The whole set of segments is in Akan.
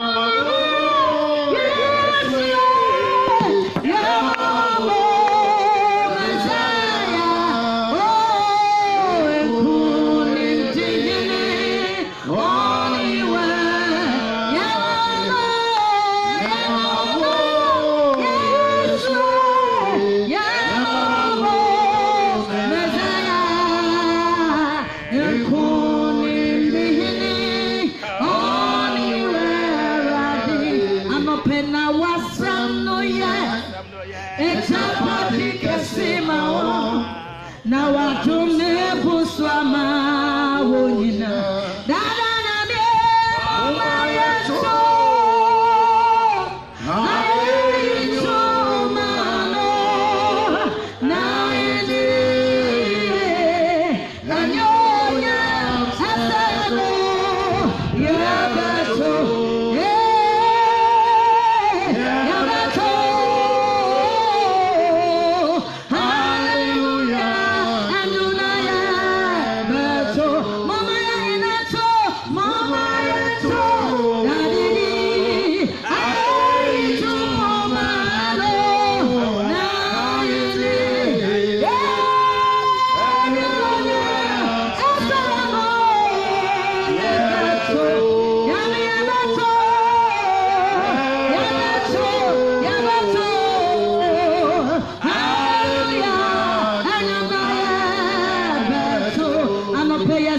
Uh...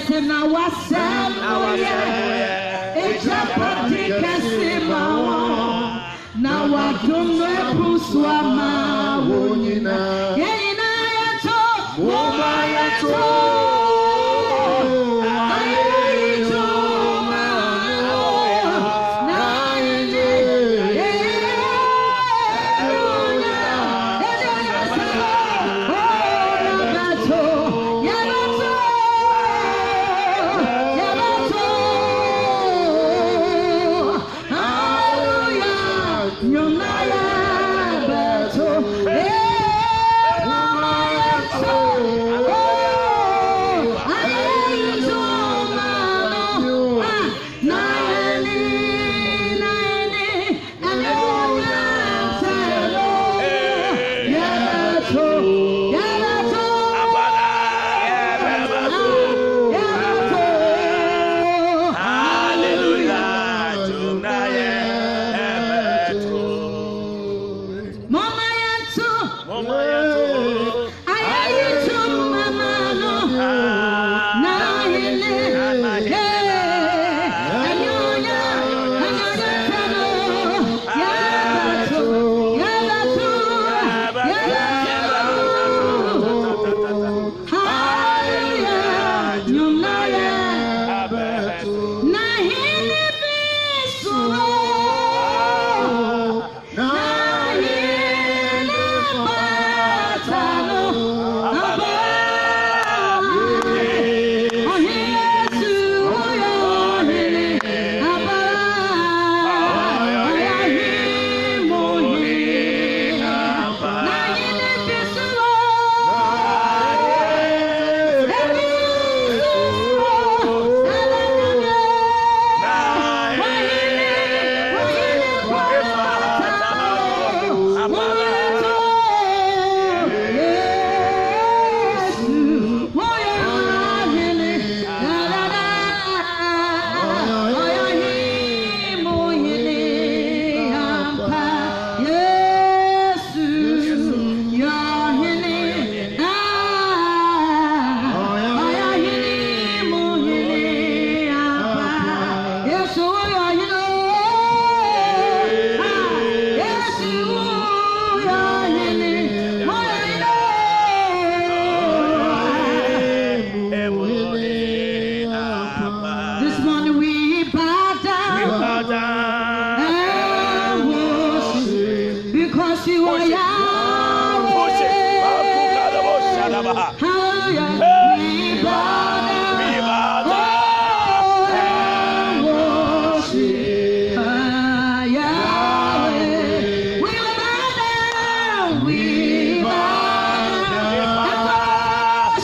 in it's Ìjábọ̀dì kẹsì máa wọ̀. Na wàdúmọ̀ ẹ̀bùsùn àmà wò yìí náà. Yẹ́yìn náà yàtọ̀, mo máa yàtọ̀.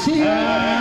Cheers!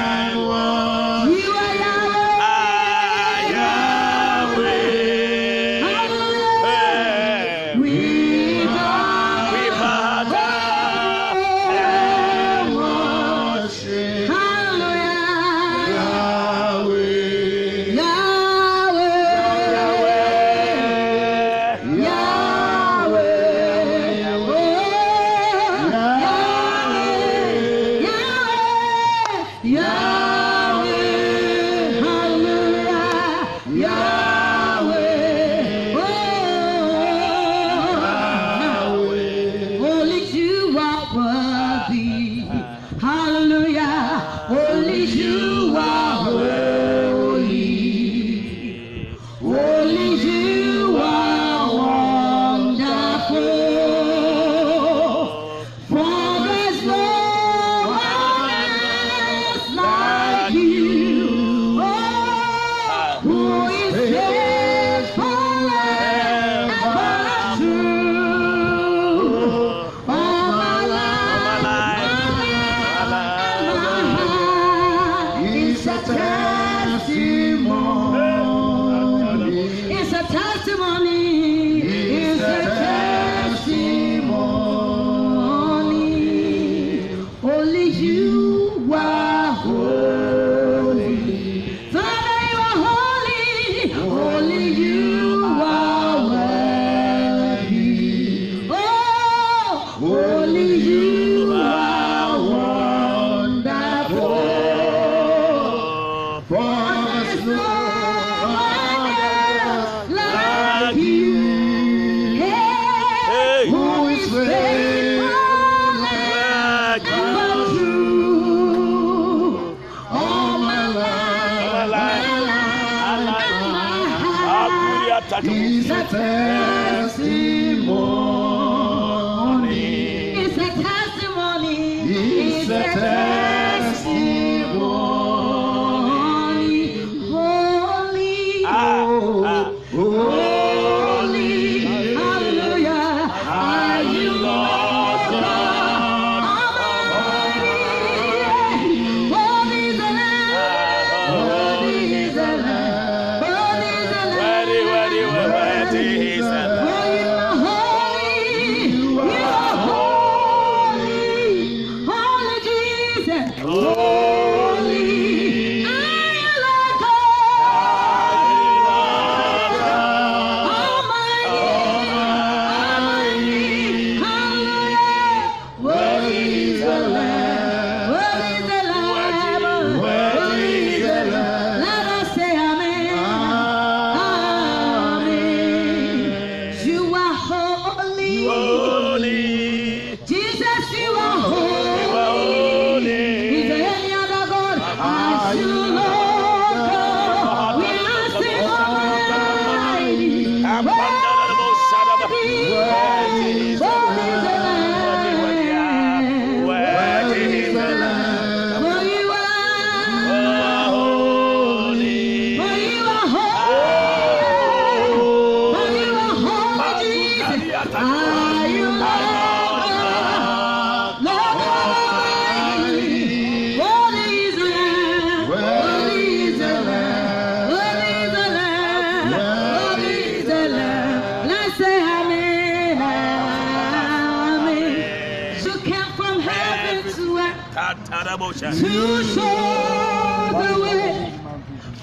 to show the way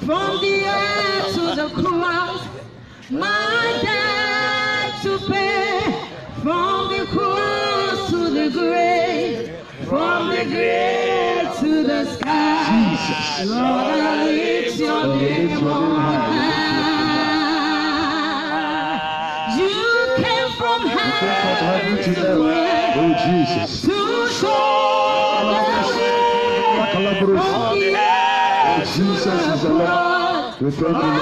from the earth to the cross. My debt to pay from the cross to the grave, from the grave to the sky. Jesus. Lord, I lift your name on high. You came from heaven to the world. Oh, Jesus. fruit. Jesus is the Lord. We thank to you.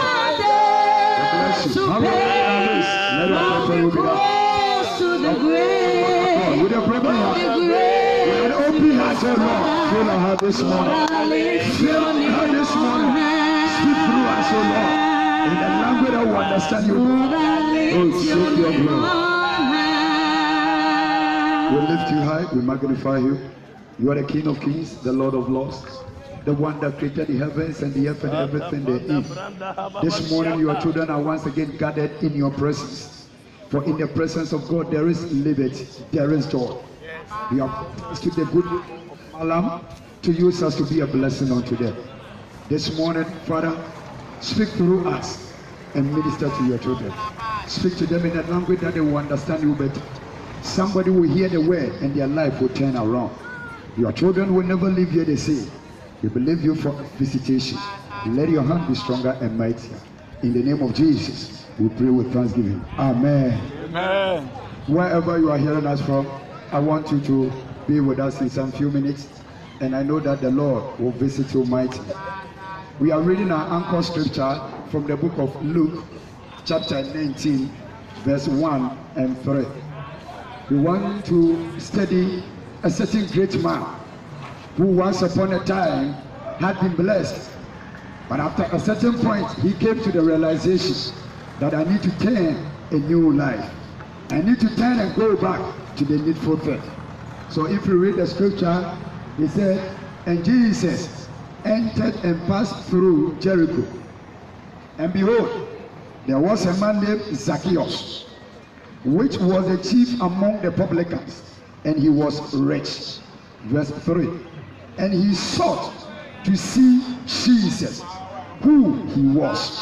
Bless you. Let your prayer will be done. With a broken heart, with an open heart, and Lord, fill our heart this morning. Fill our heart this morning. Speak through us, O Lord, in the language that we understand you. Oh, save your glory. We lift you high, we magnify you. You are the King of Kings, the Lord of Lords, the one that created the heavens and the earth and everything there is. This morning, your children are once again gathered in your presence. For in the presence of God, there is liberty, there is joy. We have stood the good of to use us to be a blessing unto them. This morning, Father, speak through us and minister to your children. Speak to them in a language that they will understand you better. Somebody will hear the word and their life will turn around. Your children will never leave here the same. They believe you for visitation. Let your hand be stronger and mightier. In the name of Jesus, we pray with thanksgiving. Amen. Amen. Wherever you are hearing us from, I want you to be with us in some few minutes, and I know that the Lord will visit you mightily. We are reading our anchor scripture from the book of Luke, chapter 19, verse 1 and 3. We want to study a certain great man who once upon a time had been blessed. But after a certain point, he came to the realization that I need to turn a new life. I need to turn and go back to the needful thing. So if you read the scripture, he said, And Jesus entered and passed through Jericho. And behold, there was a man named Zacchaeus, which was the chief among the publicans. and he was rich. Verse 3. And he sought to see Jesus, who he was,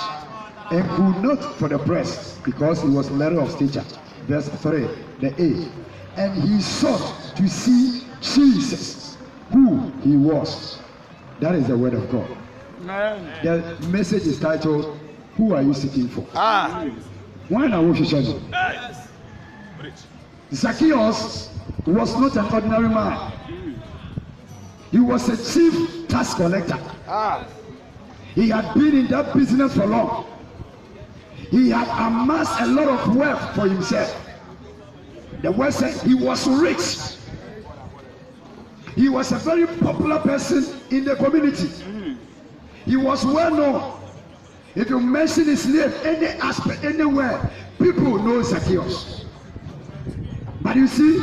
and could not for the press, because he was letter of stature. Verse 3, the A. And he sought to see Jesus, who he was. That is the word of God. Amen. The message is titled, Who Are You Seeking For? Ah. Why not Zacchaeus was not an ordinary man. He was a chief tax collector. Ah. He had been in that business for long. He had amassed a lot of wealth for himself. The word says he was rich. He was a very popular person in the community. He was well known. If you mention his name any aspect anywhere, people know Zacchaeus. But you see,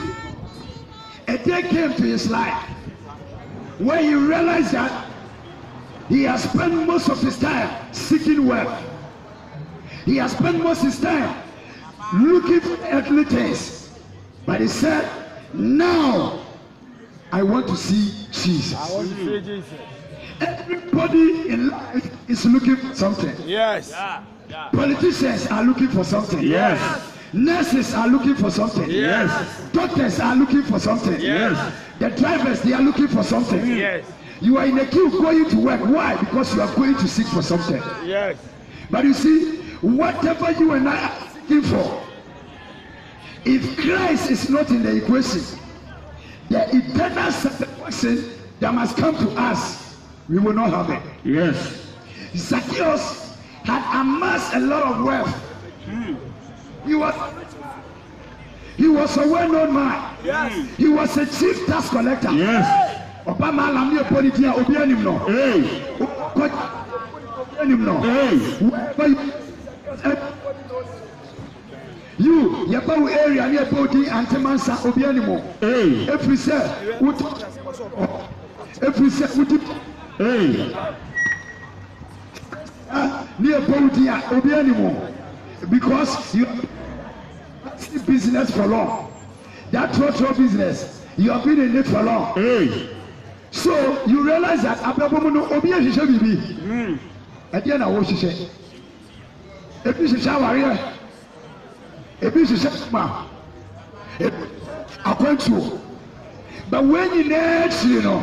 a day came to his life where he realized that he has spent most of his time seeking wealth. He has spent most of his time looking for earthly things. But he said, Now I want to see Jesus. I want to see Jesus. Everybody in life is looking for something. Yes. Yeah, yeah. Politicians are looking for something. Yes. yes. Nurses are looking for something. Yes. Doctors are looking for something. Yes. The drivers, they are looking for something. Yes. You are in a queue going to work. Why? Because you are going to seek for something. Yes. But you see, whatever you and I are looking for, if Christ is not in the equation, the eternal satisfaction that must come to us, we will not have it. Yes. Zacchaeus had amassed a lot of wealth. Mm. He was he was a well-known man. Yes. He was a chief tax collector. Yes. Obama Lamia ni epoli tiya obi no. Hey. Obi anim no. Hey. You yaba area ni epo di antimansa obi anim o. Hey. Efiri sẹ wuti efiri sẹ wuti. Hey. Ah, ni epo di a obi anim because you business for long that your business you have been in it for long hey. so you realize that abrabọ mu no obi yẹ hyehyẹ biribi ẹdí ẹ na wọ́n hyehyẹ ebi hyehyẹ awareɛ ebi hyehyẹ But when you wọ́n you know.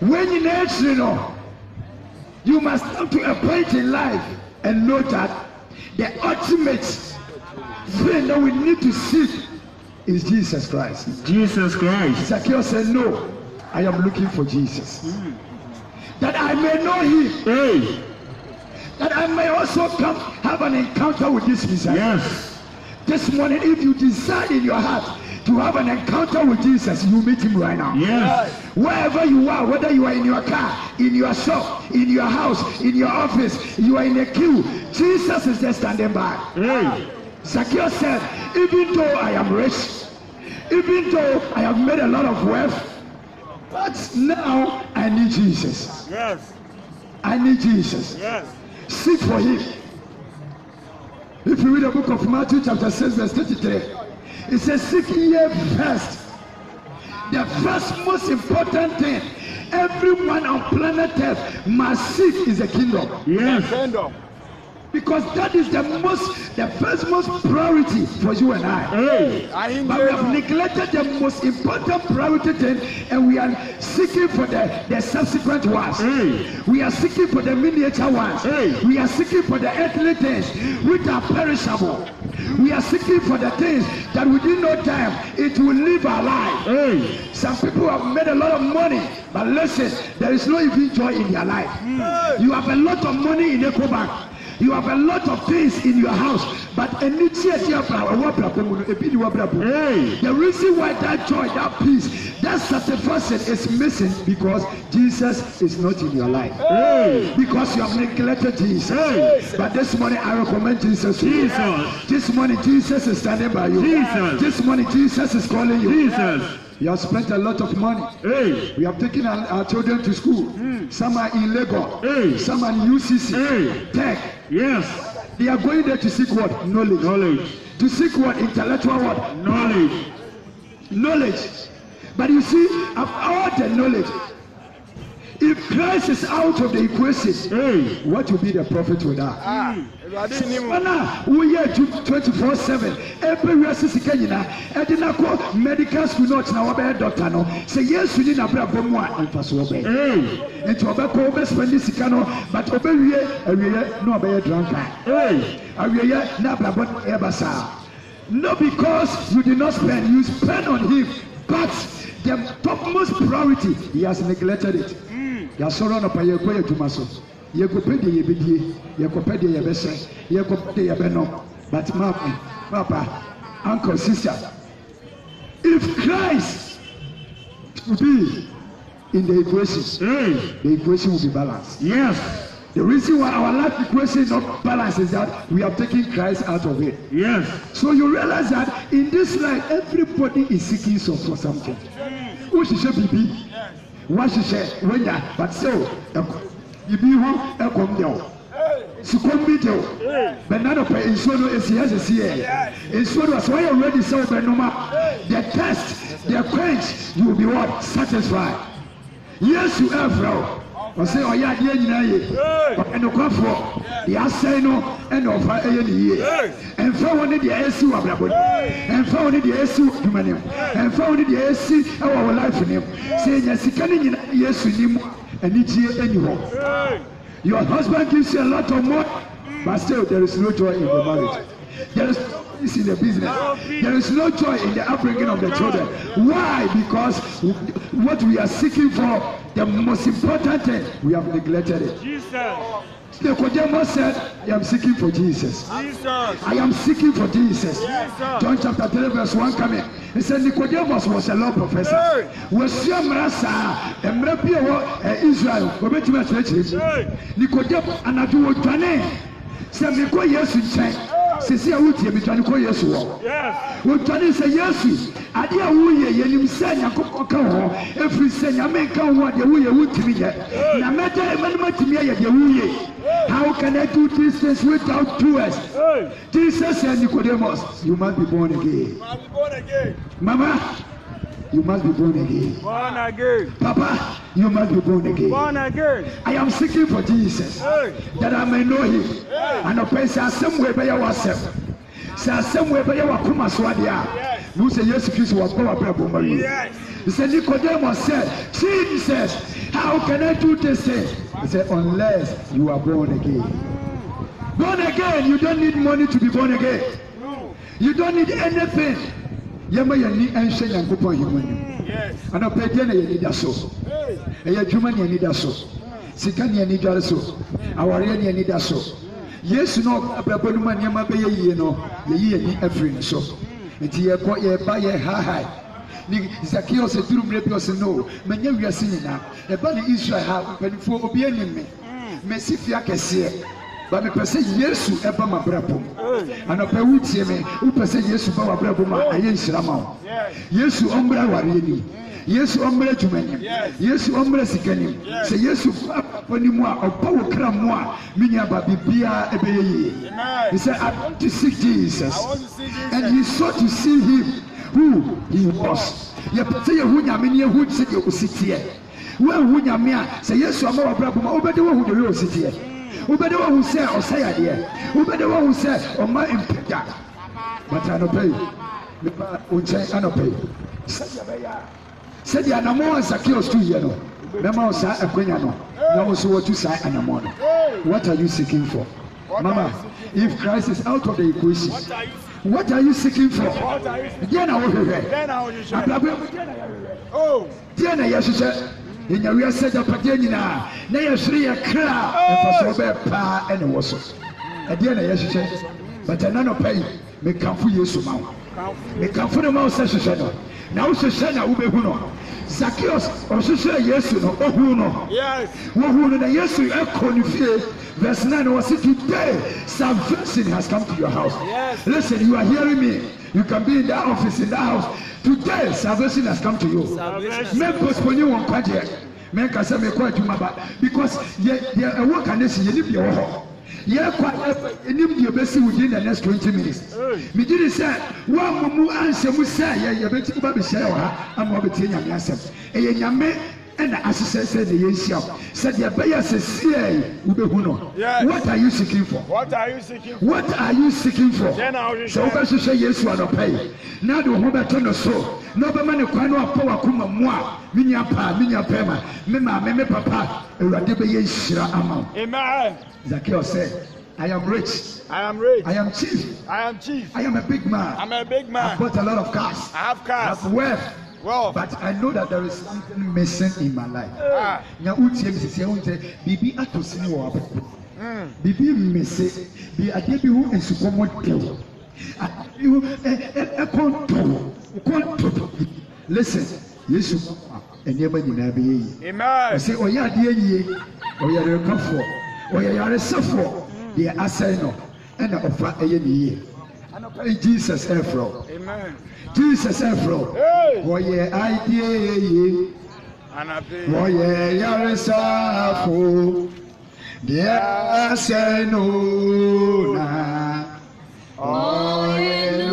When you nyinaa you know. you must come to a point in life and know that the ultimate. friend that we need to seek is Jesus Christ. Jesus Christ. Zacchaeus said, No, I am looking for Jesus. That I may know him. Hey. That I may also come have an encounter with this Messiah. Yes. This morning, if you decide in your heart to have an encounter with Jesus, you meet him right now. Yes. Wherever you are, whether you are in your car, in your shop, in your house, in your office, you are in a queue, Jesus is there standing by. Hey. Zacchaeus said, Even though I am rich, even though I have made a lot of wealth, but now I need Jesus. Yes. I need Jesus. Yes. Seek for him. If you read the book of Matthew, chapter 6, verse 33, it says, Seek ye first. The first most important thing everyone on planet earth must seek is the kingdom. Yes. The kingdom. because that is the most the first most priority for you and I. Hey, I but we have neglected the most important priority thing and we are seeking for the, the subsequent ones. Hey. We are seeking for the miniature ones. Hey. We are seeking for the earthly things which are perishable. We are seeking for the things that within no time it will live our life. Hey. Some people have made a lot of money, but listen, there is no even joy in their life. Hey. Hmm. You have a lot of money in Bank you have a lot of things in your house but a new e the reason why that joy that peace that satisfaction is missing because Jesus is not in your life hey. because you have neglected Jesus hey. but this morning I recommend Jesus to Jesus. you this morning Jesus is standing by you Jesus. this morning Jesus is calling you Jesus. You have spent a lot of money. Hey. We have taken our, our children to school. Mm. Some are in Lagos. Hey. Some are in UCC. Hey. Tech. Yes. They are going there to seek what? Knowledge. Knowledge. To seek what? Intellectual what? Knowledge. Knowledge. But you see, of all the knowledge, if Christ is out of the equation, mm. what will be the profit with that? Sọ́nà ah, wúyẹ̀ ju twenty four seven ẹgbẹ́ wíwá sísè kẹ́yìn náà ẹ̀dín náà kọ́ medical school náà tẹ̀lé ọbẹ̀ dọ̀tà náà ṣe Yéésù hmm. ní nàbẹ̀rẹ̀ bọ́ mu a nfaso ọbẹ̀. Nti ọbẹ̀ kọ́ ọbẹ̀ sọ̀rọ̀ ní sika náà but ọbẹ̀ wíyẹ ẹ̀wíyẹ náà ọbẹ̀ yẹ dranka. Hmm. Ẹ̀wíyẹ náà àbàbọ̀ ẹ̀ bá sáà. Not because you did not spend, you spend on him, but the topmost priority, he has neglected it yasɔrɔ nɔpa yɛkɔ yɛ dwuma so yɛkɔpɛ deɛ yɛbɛdie yɛkɔpɛ deɛ yɛbɛhyɛ yɛkɔpɛ deɛ yɛbɛnɔ but maame papa uncle sister if christ be in the equation mm. the equation will be balanced. Yes. The reason why our life equation is not balanced is that we have taken Christ out of it. Yes. So you realize that in this life, everybody is seeking for something. Ó ṣiṣẹ́ be? wahyehyɛ wanya batse o ɛkɔ ibi hɔ ɛkɔm deɛ o sikɔm bi deɛ o bɛnadɔ pɛ nsuo no esi ɛsisi yɛ nsuo no asɛ wɔyɛ ready sɛ ɔbɛnuma the test the quench you be what satisfied yesu ɛfrɛ o ɔsɛ ɔyɛ adeɛ nyinaa yie ɛnokwafoɔ deɛ asɛe no ɛna ɔfa ɛyɛ ne yie ɛmfa wo ne deɛ ɛsi wɔ abrabɔ nim ɛmfa wo ne deɛ ɛsi wɔ adwuma nim ɛmfa wo ne deɛ ɛsi ɛwɔ wɔ life nim sɛ ɛnya sika no nyinaa yesu nim anigyeɛ ani hɔ your husband gives you a lot of money but still there is no joy in the marriage there is is in the business. There is no joy in the upbringing of the children. Why? Because what we are seeking for, the most important thing, we have neglected it. Jesus. said, I am seeking for Jesus. Jesus. I am seeking for Jesus. Yes, John chapter 3, verse 1 coming. He said, Nicodemus was a law professor. Wɔsua mmara saa, mmerɛ Israel, wɔbɛtumi akyerɛkyerɛ mu. Nicodemus anadwo wɔ dwane Yesu nkyɛn sisi a wotie mi dwane kɔ yesu hɔ wodwane sɛ yesu adeɛ a woyɛ yɛnim sɛ nyankopɔn ka hɔ ɛfiri sɛ nyame nka ho a deɛ woyɛ wontumi yɛ na mɛda mɛnom atumi ayɛ deɛ woyɛ How can I do these things without doers? Hey. Jesus said, Nicodemus, you must be born again. Must be born again. Mama, you must be born again. Born again. Papa, you must be born again. Born again. I am seeking for Jesus hey. that I may know him. Hey. And open say way, by yourself. Say way, by your kuma swadia. You say yes, Christ was power prayer for Mary. He said Nicodemus said, Jesus, how can I do this thing? He said, unless you are born again. Born again, you don't need money to be born again. You don't need anything. yɛma yɛn ni ɛnhyɛ nyankopɔn ahemma anim anɔpɛ deɛ na yɛn ani da so ɛyɛ adwuma ne ani da so sika ne ani dware so awareɛ ne ani da so yesu no abrabɔ no mu a nneɛma bɛyɛ yie no yɛyi yɛn ni afiri ne so nti yɛkɔ yɛba yɛ haahae ni zakeo sɛ duru mmerɛ bi ɔsɛ no manya wiase nyinaa ɛba ni israel ha mpanimfoɔ obi anim me masi fie akɛseɛ ba mepɛ sɛ yesu ɛba ma brɛbom anɔpɛ wotie me wopɛ sɛ yesu ba wa brɛbom a ɛyɛ nhyira ma wo yesu ɔmmrɛ awareɛ ni yesu ɔmmerɛ adwumanim yesu ɔmmerɛ sikanim sɛ yesu apɔ ne mu a ɔbɔ wo kra mu a me bia ebe ye ye. he said i want to see jesus and he sought to see him who he was yɛpɛ sɛ yɛhu nyame ne yɛhu sɛdeɛ ɔsi teɛ woahu nyame a sɛ yesu ama wɔ brɛ boma wobɛde woahu deɛ ɔyɛ ɔsi teɛ wobɛde wahu sɛ ɔsɛ yadeɛ wobɛde wahu sɛ ɔma mpagya bata anɔpɛ yi mepa wo nkyɛn anɔpɛ yi sɛdeɛ bɛyɛ a sɛdeɛ anamɔ ansakios to yɛ no mɛma wo saa akwanya no na wo nso watu saa anamɔ no what are you seeking for mama if christ is out of the equation what are you seeking for deɛ na wohwehwɛ abrabɔ mu deɛ na yɛhwehwɛ deɛ na yɛhwehwɛ yɛnya wiase agyapadeɛ nyinaa na yɛhwere yɛ kra a ɛmfasoɔ bɛɛ paa ɛne wɔ so ɛdeɛ na yɛhyehyɛ but ɛna nɔpa yi mekamfo yesu ma wo mekamfo no ma wo sɛ hyehyɛ no na wohyehyɛ na wobɛhu no zakeos ɔhyehyɛɛ yesu no ɔhu no wɔhu no na yesu ɛkɔ ne fie verse 9 wɔ se today salvation has come to your house listen you are hearing me You can be in that office, in that house. Today, salvation has come to you. Make postpone you one kwaje. Make us say me kwaje ba. Because ye ye a work and this ye ni be ho. Ye kwa enim e, de obesi within the next 20 minutes. Me did say, "Wa mumu ansem say ye ye beti ba be share wa, am wa beti nyame ansem." Eye nyame ɛna ahyehyɛ sɛ de yɛ nhyia sɛdeɛ bɛyɛ sɛsiɛ wobɛhu no what are you seeking for what are you seeking for sɛ wobɛhyehyɛ yesu anɔpa yi na de wo ho bɛto no so na wobɛma ne kwan no apɔ wakoma mu a menya paa menya pɛɛ ma me maame me papa awurade bɛyɛ nhyira ama wo zakeo sɛ I am rich. I am rich. I am chief. I am chief. I am a big man. I'm a big man. I've got a lot of cars. I have cars. I have wealth. Well, but I know that there is something missing in my life. Ah. Nya utie mi sisi ehun sɛ biribi ato sini wɔ aboko. Hmm. Biribi mmese bi adeɛ bi ho nsukɔmɔ dɛw. Adeɛ bi ho ɛkɔn tɔw kɔn tɔw. Listen, Yesu nneɛma nyinaa bɛ yɛ yie. Ɔsɛ ɔyɛ adeɛ yie, ɔyɛ yarekafoɔ, ɔyɛ hmm. yaresafoɔ, deɛ asɛn no ɛna ɔfa ɛyɛ ne yie. Anɔpɛ Jesus ɛfrɛ jesus ɛfrɔ wɔyɛ adeɛ yeye wɔyɛ yaresafo deɛ asɛ no na ɔyɛ.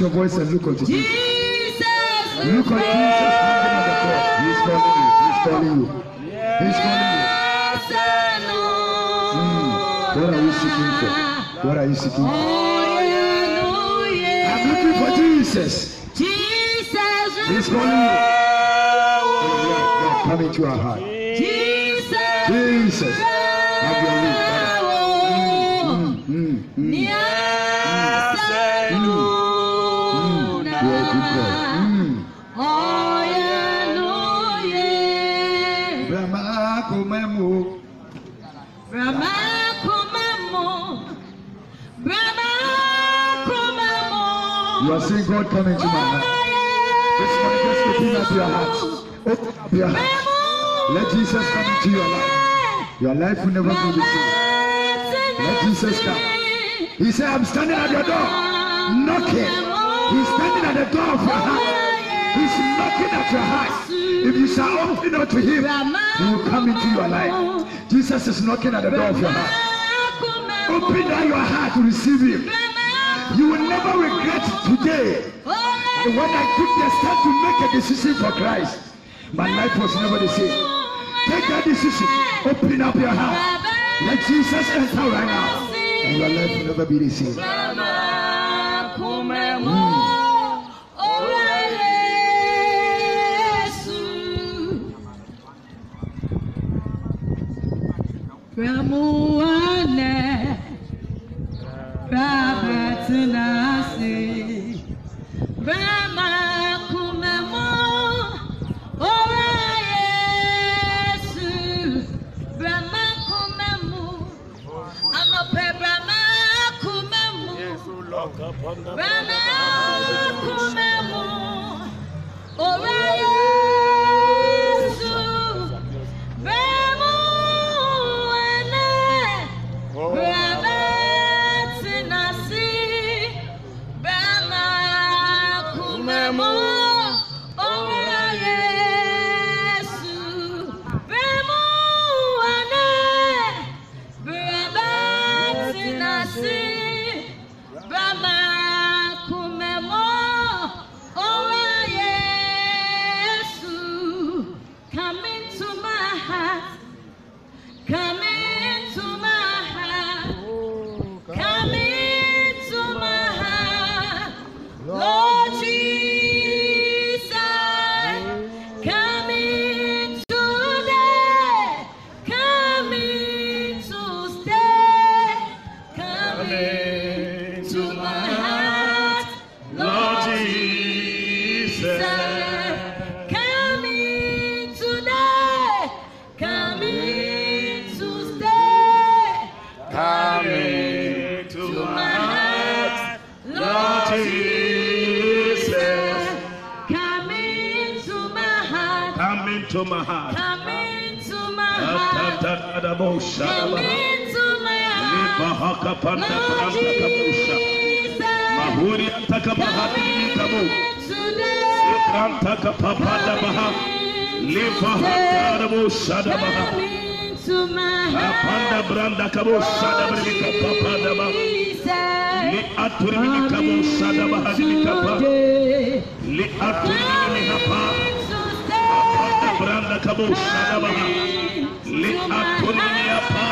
your voice and look unto Jesus. Jesus look at Jesus hanging on the cross. He's calling you. He's calling you. He's calling you. Mm. What are you seeking for? What are you seeking for? I'm looking for Jesus. Jesus. He's calling you. Oh, yeah, yeah. Come into our heart. Jesus. Jesus. Hallelujah. Brahma kumemu. Brahma kumemu. Brahma kumemu. You are seeing God coming to my heart. This morning, just open up your heart. Open up your heart. Let Jesus come into your life. Your life will never be the same. Let Jesus come. He said, I'm standing at your door, knocking. He's standing at the door of your heart. He's knocking at your heart. If you shall open up to him, he will come into your life. Jesus is knocking at the door of your heart. Open up your heart to receive him. You will never regret today. And when I took the step to make a decision for Christ, my life was never the same. Take that decision. Open up your heart. Let Jesus enter right now. And your life will never be the same. Mm. Ramuane Rabatinasi Ora Yesu Brahma Kumemu Anope Brahma Kumemu Brahma Kumemu Ora Yesu into my heart. Come into my heart. Come into my heart. Come Come Come Come Come into into into into into my my my my my heart. heart. heart. heart. heart. Lord Jesus. Mahuri antakabahati kabu. Sikrantakapapadabaha. Livahatarabu shadabaha. Kapanda branda kabu shadabrika papadaba. Li aturimini kabu shadabaha dikapa. Li aturimini kapa. Branda Kabo Shadabaha. Le Aponia ah, Pa.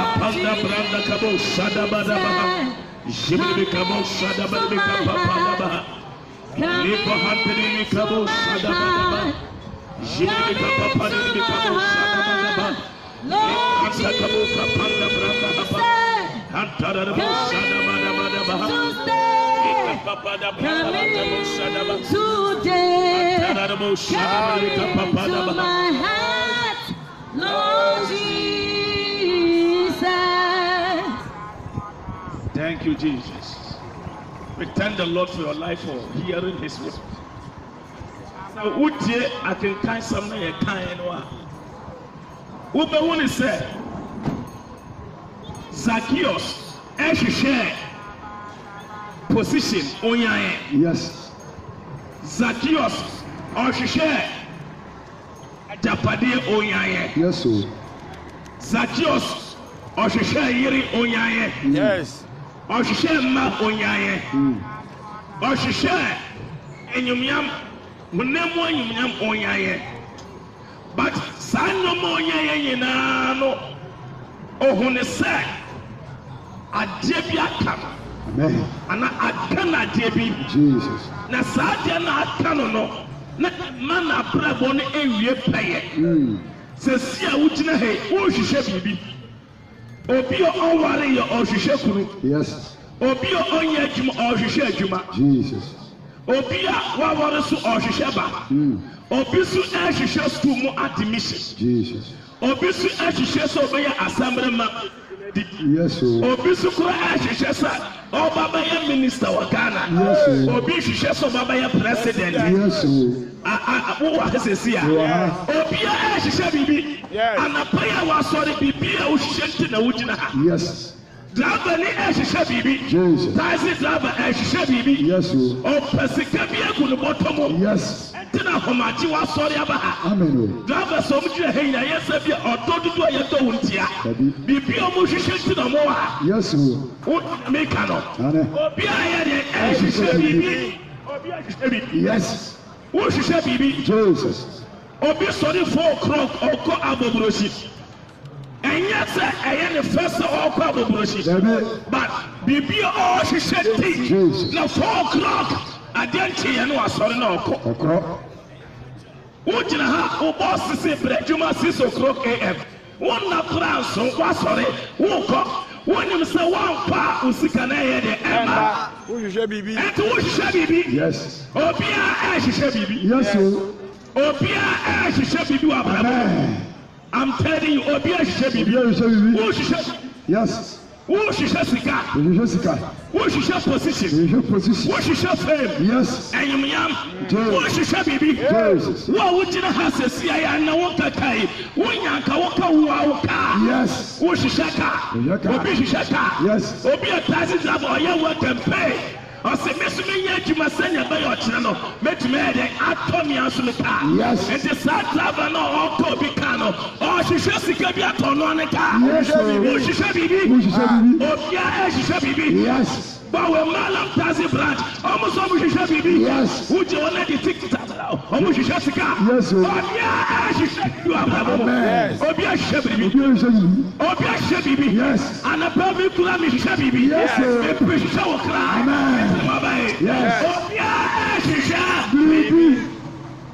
Apanda Branda Kabo Shadabadabaha. Jimmy Kabo Shadabadabaha. Lipo Hantini Kabo Shadabadabaha. Jimmy Kabo Panini Kabo Shadabadabaha. Anta ah. Kabo Kapanda Branda Kabo. Hantara Kabo Shadabadabaha. Coming today coming to my heart, Lord Jesus. Thank you, Jesus. We thank the Lord for your life for hearing His word. Now, who dear, I can kind something I kind one. Who be one is said? Zacchaeus, Eshe. position onyaeɛ yes zakios ɔhwehwɛ agyapadeɛ onyaeɛ yes o zakios Yiri yere onyaeɛ yes ɔhwehwɛ mma onyaeɛ ɔhwehwɛ hmm. enyomyam honam enyomyam onyaeɛ but saa nneɛma onyaeɛ nyinaa no ohun sɛ adeɛ bi aka no ana aka na adeɛ bi na saa adeɛ na aka no no na ma na abrabɔ no ewie pɛyɛ hmm. sɛsi a wogyina ha wɔrehwehwɛ biribi obi a ɔware yɛ ɔrehwehwɛ kunu obi a ɔnyɛ adwuma ɔrehwehwɛ adwuma obi a waware so ɔrehwehwɛ ba hmm. obi nso ɛrehwehwɛ sukuu mu adi mission obi nso ɛrehwehwɛ sɛ ɔbɛyɛ asambere ma di oh. obi nso kura ahyehyɛ sɛ ɔba bɛyɛ minista wɔ ghana oh. obi hyehyɛ sɛ ɔba president wowɔ oh. asɛsi a obiara ahyehyɛ biribi anapa yi a wɔasɔre biribi a wohyehyɛ nti na wogyina ha. Draba ni ɛhyehyɛ biribi. Taasi draba ɛhyehyɛ biribi. Ɔpɛ sika bi egu ne bɔtɔ mu. Ɛnti na ahomakye wasɔre aba ha. Draba sɛ ɔmo gyina ha yi na yɛsɛ bi ɔdɔ dodo a yɛdɔ wɔn tia. Biribi a ɔmo hyehyɛ ti na ɔmo wɔ ha. Wo mi ka no. Obi a yɛ de ɛhyehyɛ biribi. Obi a hyehyɛ biribi. Wo hyehyɛ biribi. Obi sɔre fɔ ɔkɔ aboburosi ɛnyɛ sɛ ɛyɛ ne fɛ sɛ ɔkɔ aboborɔhyi but biribi a ɔrehyehyɛ ti na four o'clock adeɛ nkyeeɛ no wasɔre na ɔkɔ wogyina ha wobɔ sese brɛ adwuma six o'clock am wonna kora nso wasɔre wokɔ wonim sɛ woampa a wo sika no ɛyɛ deɛ ɛma ɛnti wohyehyɛ biribi obiaa ɛhyehyɛ biribi obiaa ɛhyehyɛ biribi wɔ abrabɔ i'm telling you obi ahyehyɛ bibi. obi ahyehyɛ bibi. wo hyehyɛ. yes. wo hyehyɛ sika. wo hyehyɛ sika. wo hyehyɛ position. wo hyehyɛ position. wo hyehyɛ fame. yes. ɛnyimnyam. Um, james wo hyehyɛ bibi. james. wo a wo gyina ha sɛsi ayɛ ana wo kaka yi wo nyanka wo ka wo a wo ka. yes. wo hyehyɛ ka. wo hyehyɛ ka. obi hyehyɛ ka. yes. obi a taasi daba ɔyɛ wɔ ɔsɛ mesu mi yɛ adwuma sɛnea bɛyɛ ɔkyerɛ no mɛtumi ayɛ dɛ atɔ mia so mi kaa nti saa draba no a ɔkɔ obi kaa no ɔhyehyɛ sika bi atɔ noa ne kaa ohyehyɛ biribi obia ɛhyehyɛ biribi. Ah, báwo mala plaza branch ọmọ sọ ọmọ ṣiṣẹ́ bíbí wújẹ wọn lẹ́dí tíkítà ọmọ ṣiṣẹ́ sika ọbí ẹ ṣiṣẹ́ ju àbábọ̀ ọbí ẹ ṣiṣẹ́ bíbí ọbí ẹ ṣiṣẹ́ bíbí anapẹ́ mi kura mi ṣiṣẹ́ bíbí èpè ṣiṣẹ́ wọ kra ẹ̀sìnmọ́ báyìí ọbí ẹ ṣiṣẹ́ bíbí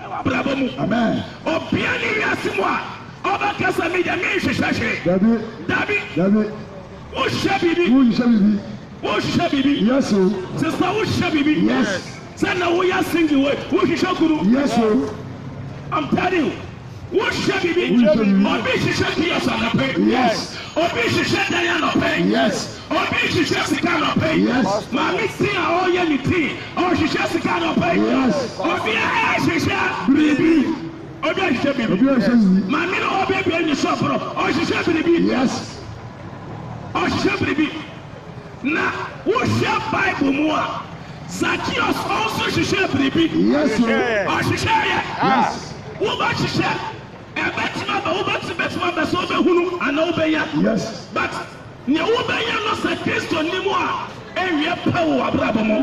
ẹ wà àbúrabọ́ mu ọbí ẹ ní ìyá sí mu a ọba kẹsàn-án mi jẹ mí ṣiṣẹ́ ṣe dàbí dàbí ó ṣiṣẹ́ bíbí wohwehwɛ biribi. yes o. sista wohwehwɛ biribi. yes. sẹ́nà wòye singi wòye wohwehwɛ kuru. yes o. i'm telling you wohwehwɛ biribi. wohwehwɛ biribi. obi hwehwɛ piyasa anapɛ. yes. obi hwehwɛ dan anapɛ. yes. obi hwehwɛ sika anapɛ. yes. maame si a ɔyɛ ne ti ɔhwehwɛ sika anapɛ. yes. obi a ɛhwehwɛ biribi obi a hyehyɛ biribi maame na ɔbɛbia ni sɔforo ɔhyehyɛ biribi ɔhyehyɛ biribi na wohyɛ bible mu a zakios ɔnso hyehyɛ biribi ɔhyehyɛ yɛ wobɛhyehyɛ ɛbɛtena ba wobɛte bɛtena bɛ sɛ wobɛhunu anaa wobɛnya but nea wobɛnya no sɛ kristo ni mu a ɛnwiɛ pɛ wo abrabɔ mu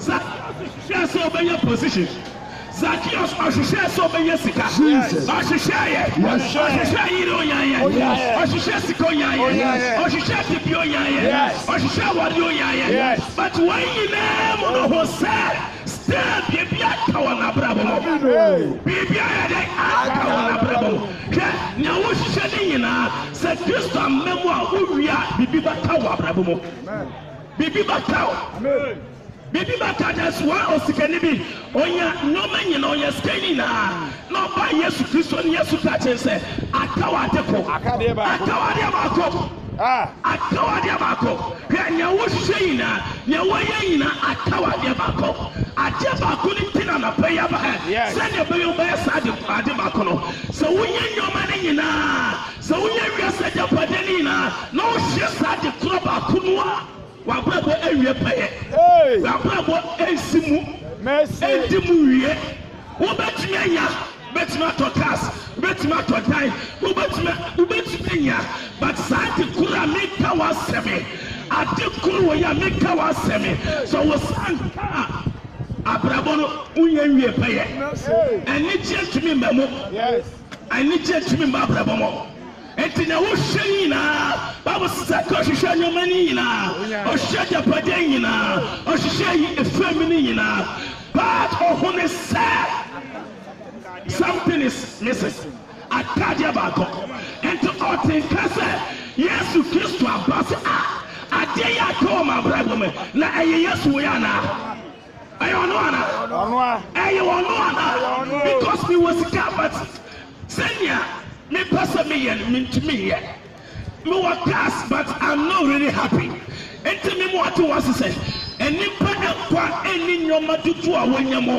zakios hyehyɛ sɛ wobɛnya position Zacchaeus ọ̀ṣiṣẹ́ ẹ̀sọ́ bẹ yẹ sika. ọ̀ṣiṣẹ́ yẹ ọ̀ṣiṣẹ́ yìí ó yàn yẹ ọ̀ṣiṣẹ́ sika ó yàn yẹ ọ̀ṣiṣẹ́ bìbí ó yàn but wọ́n yìí náà mo ní hó sẹ́ sẹ́ bìbí àkà wọn abúlé abọ́ bìbí àyàdé àkà wọn abúlé abọ́ hwẹ́ ní àwọn òṣìṣẹ́ ní nyinaa sẹ́ kristu amẹ́mu a ó wíyà bìbí bá ká wọn abúlé abọ́ bìbí bibi bata de soa osikani bi onya nneɛma nyinaa ɔyɛ sika nyinaa na ɔba yesu kristo ne yesu krakye sɛ atawade kɔ atawadeɛ baako atawadeɛ baako hwɛ nea wɔhwehwɛ nyinaa nea wɔyɛ nyinaa atawadeɛ baako adeɛ baako ne ti na anapa yi aba ha sɛdeɛ bɛyɛ wɔbɛyɛ saa ade ade baako no sɛ wonyɛ nneɛma no nyinaa sɛ wonyɛ wiase agyapadeɛ no nyinaa na wohwɛ saa ade korɔ baako no w'abrabɔ awie pɛyɛ w'abrabɔ esi mu edi mu wie wobɛtumi anya wobɛtumi atɔ cars wobɛtumi atɔ dan wobɛtumi wobɛtumi anya but saa adi koro a meka w'asɛmi adi kuru wɔ yɛ a meka w'asɛmi sɛ wɔ saa nka a abrabɔ no wonyɛ nwie pɛyɛ anigye tumi mbɛ mu anigye tumi mbɛ abrabɔ mu nti na wohyɛ nyinaa bible sisa ka ɔhyehyɛ nneɛma no nyinaa ɔhyehyɛ agyapadeɛ nyinaa ɔhyehyɛ efam no nyinaa but ɔho ne sɛ something is missing ataadeɛ baako nti ɔtenka sɛ yesu kristo aba sɛ a ah, adeɛ yɛ aka wɔ ma abrabɔ mu na ɛyɛ yesu wɔ yɛ anaa ɛyɛ ɔno anaa ɛyɛ ɔno anaa because mi wɔ sika but sɛnea mepɛ sɛ meyɛ no mentumi yɛ mewɔ class but i'm not really happy nti mi mu ati wa sisɛ nipa ɛkwa ɛni nneɛma tutu a wɔnyɛ mɔ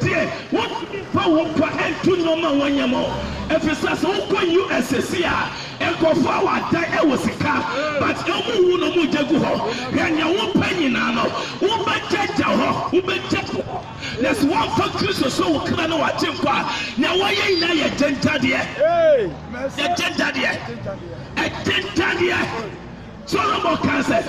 tiɛ wɔn nipa wɔn kwa ɛtu nneɛma wɔnyɛ mɔ efisɛ sɛ wɔkɔ uss a nkɔfo a wada ɛwɔ sika but ɛmu wu na ɔmu gya gu hɔ yɛn nyɛ wɔn pɛ nyinaa no wɔn bɛ gya gya hɔ wɔn bɛ gya hɔ na sɛ wɔmfa kristo so wo kra no wagye nkɔ a na wɔyɛ nyinaa yɛ gyentadeɛ yɛ gyentadeɛ ɛgyentadeɛ solomon kan sɛ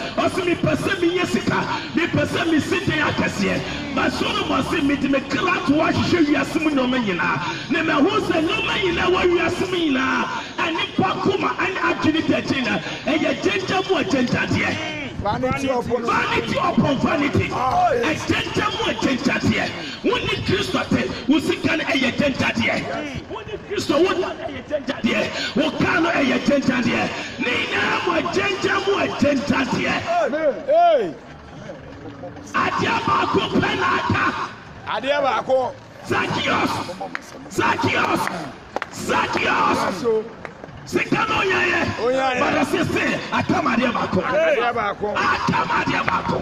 mi mepɛ mi meyɛ sika mepɛ sɛ mesi dan akɛseɛ ma solomon se mede me kra to ahwehwɛ wiase mu nneɔma nyinaa na mahu sɛ nneɔma nyinaa wɔ wiase mu nyinaa ɛne pakoma ɛne adwene dakyina ɛyɛ gyenta mu agyentadeɛ vanity upon vanity upon vanity ɛkyɛnkyɛmu ɛkyɛnkyɛdeɛ wɔn ni kristu ase wɔn sika no ɛyɛ kyɛnkyɛdeɛ wɔn ni kristu wɔn nan ɛyɛ kyɛnkyɛdeɛ wɔn kaa no ɛyɛ kyɛnkyɛdeɛ ne nyinaa mu ɛkyɛnkyɛmu ɛkyɛnkyɛdeɛ adeɛ baako pɛ na aka adeɛ baako zakios zakios zakios sika na onyayɛ bade sese atamadeɛ baako atamadeɛ baako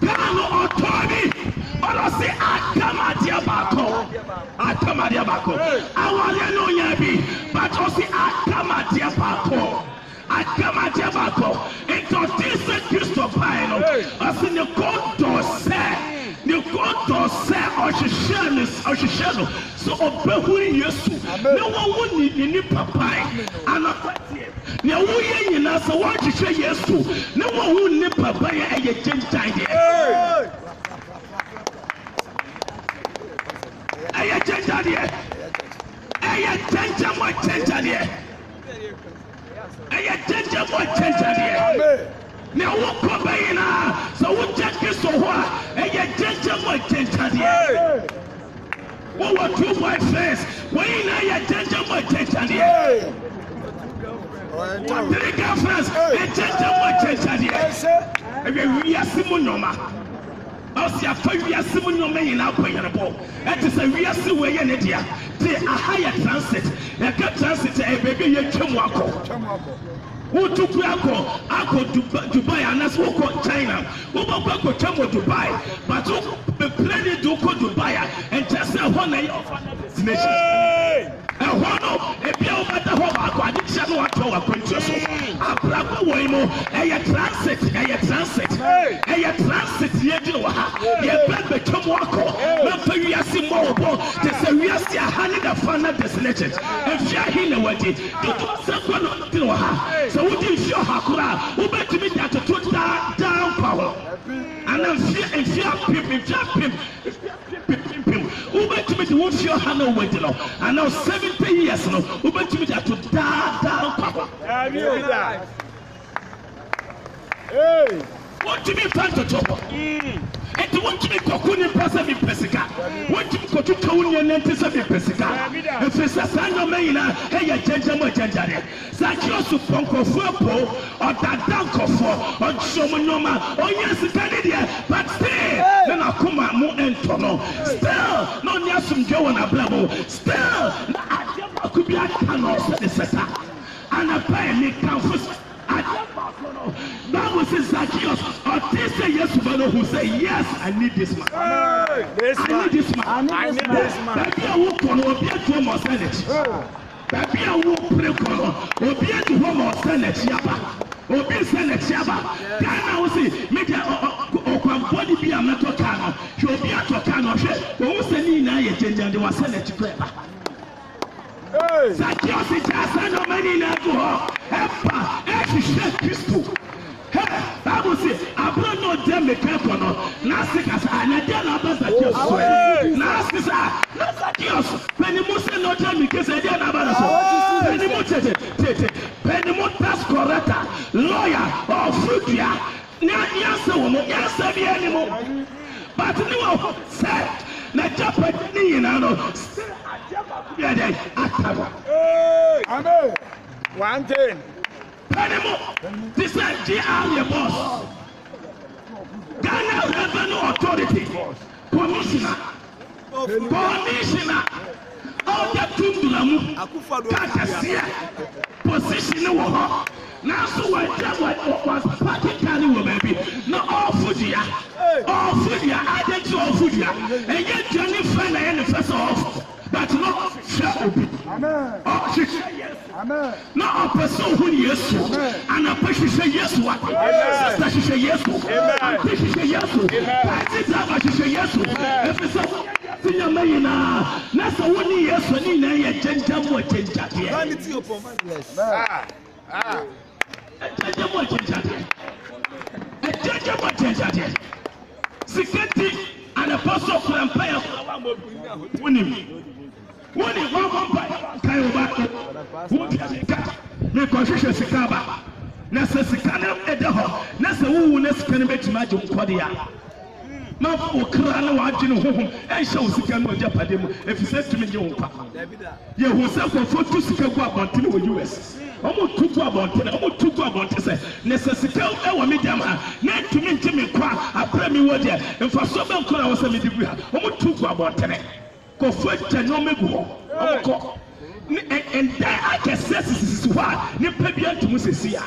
ghana no ɔtɔɔ se atamadeɛ baako atamadeɛ baako awadeɛ na onya bi bate ɔse atamadeɛ baako atamadeɛ baako nti ɔte sɛ kristo pae no ɔse ne kɔn so sɛ ɔhyehyɛ no ɔhyehyɛ no sɛ ɔbɛhuri yesu na wɔwo ne ne nipa pae anafɛteɛ nea woyɛ nyinaa sɛ wɔahyehyɛ yesu na wɔwo ne papa yɛ ɛyɛ gyentyadeɛ ɛyɛ gyentyadeɛ ɛyɛ gyentyamu agyentyadeɛ ɛyɛ gyentyamu agyentyadeɛ nea wokɔ bɛyinaa sɛ wogya kristo hɔ a ɛyɛ gyɛnkyɛ mu agyɛnkyadeɛ wowɔ two point six wɔn nyinaa yɛ gyɛnkyɛ mu agyɛnkyadeɛ wɔ three girlfriends ɛgyɛnkyɛ mu agyɛnkyadeɛ ɛyɛ wiase mu nnɔma ɔsi afa wiase mu nneɛma nyinaa kɔ yɛrɛ bɔ ɛte sɛ wiase wo yɛ ne dea te aha yɛ transit yɛka transit ɛyɛ beebi yɛ twɛ mu akɔ wotukui akɔ akɔ dubai anaasɛ wokɔ china wobɛkɔ akɔtwa wɔ dubai but bebree ni de wokɔ dubai a ɛnkyɛ sɛ ɛhɔ na ɛyɛ ɔfa na destination ɛhɔ no ebi a wɔbɛda hɔ baako ade kyerɛ no watɔ wɔ akwantuo so abrabɔ wɔ yi mu ɛyɛ transit ɛyɛ transit ɛyɛ transit yɛ gyina wɔ ha yɛ bɛ bɛtwa mu akɔ mɛmfa wia si mmɔ wɔ bɔ te sɛ wiase aha ne dafa na dɛsɛ church efi ahi na wɔdi dodo sɛ kɔ na ɔte wɔ ha sɛ wodi nfi ɔha kora a wobɛtumi de atoto daa daa mpa hɔ ana nfi nfi apim nfi apim pimpim wobɛtumi de wofi ɔha na wɔdi no ana seventy years no wobɛtumi de ato daa daa mpa hɔ. Hey wontumi mfa ntotobo ɛti wontumi kɔko nipa sɛ mepɛ sika wontumi kɔtotwa wo nneɛma nti sɛ mepɛ sika ɛfiri sɛ saa nneɛma nyinaa ɛyɛ gyɛngyɛm a gyɛngyadeɛ sakeo so pɔ nkɔfoɔ po ɔdada nkɔfoɔ ɔnkyerɛm nneɔma ɔnyɛ sika ne deɛ but still ne nakoma mo ɛntɔ no still na ɔne asomdwa wɔ n'abrabɔ still na adeɛ baako bi aka na ɔsɛ ne sɛta anapa ɛne kamfo Bible says Zacchaeus, until say yes to no, who say yes, I need this man. I need this man. I need, this man. This man. Baby, I will come up here to my senate. Baby, I will pray come Obi senate yaba. Ghana will see. Make a ọkwanfọ ni bi a mẹtọ kan obi atọ kan no? Ṣé òun sẹ́ni náà yẹ jẹjẹrẹ wa senate pẹ̀lú saki ɔsi kye asa na ɔmo ɛni na ɛgu hɔ ɛpa ɛhyehyɛ kristu hɛ baabu si aburo na ɔjɛ meka ɛkɔ no n'asi kasa anadiɛ na aba saki ɔsɔ yɛ n'asi sa na saki ɔsɔ pɛnimu sɛ na ɔjɛ meka sɛ ɛdiɛ na aba na sɔ pɛnimu tete tete pɛnimu tax corrector lawyer ɔfurudua na yasa wɔn yasa bi ɛnimu bàtí ni wọ́n sẹ́ na jẹ́ pẹ̀lú ní yìnyín náà. Kadesh Asaba. Amen. One thing. Penimo, this is GRA boss. Ghana Revenue Authority. Commissioner. Commissioner. Ọ̀dẹ tundura mu kakasiya posisini wɔ hɔ n'aso wɔ ɛdɛ wɔ wɔ patikali wɔ baabi na ɔɔfu diya ɔɔfu diya adi ti ɔɔfu diya ɛyɛ diya ni fɛn na ɛyɛ ni fɛ sɛ but not fear obi ɔhyehyɛ yesu na ɔpɛ sɛ ohun yesu anapa hyehyɛ yesu ata sista hyehyɛ yesu ante hyehyɛ yesu paati daba hyehyɛ yesu efisɛ ti nyama nyinaa na sɛ wo ni yesu ni nyinaa yɛ gyɛngyɛn mu gyɛngyɛn ɛgyɛngyɛn mu gyɛngyɛn ɛgyɛngyɛn mu gyɛngyɛn sikɛti anapa sɔ kurampa yɛ kurampa mu wonim wọ́n ní wọ́n kọ́ mpa kan yóò bá tó wọ́n bí sika ní kọ́hyehyẹ sika ba na sẹ sika ní ẹdẹ họ na sẹ wúwú ní sika ní bẹ́tìmá jẹ nkọ́dé ya máa fọ òkúra ní wàá di ní huhun ẹ ṣe òun sika ní ọjà pàdé mu efi sẹ tumi yẹ òun pa yẹ òun sẹ kọfọ tú sika gu abọntene wọ us ọmọ tu gu abọntene ọmọ tu gu abọntene sẹ ní sẹ sika ẹ wọ mi dẹm ha ní tumi ntumi kọ a apẹrẹ mi wọ diẹ nfa so bẹ nkọrọ àwọn sẹ mi di gu ha ọmọ tu gu abọntene kɔfɔ jɛnyɔn bɛ gu hɔ ɔmɔ kɔ ni ɛ ɛndan akɛse sisisi hɔ a nipa bi ntoma sisi a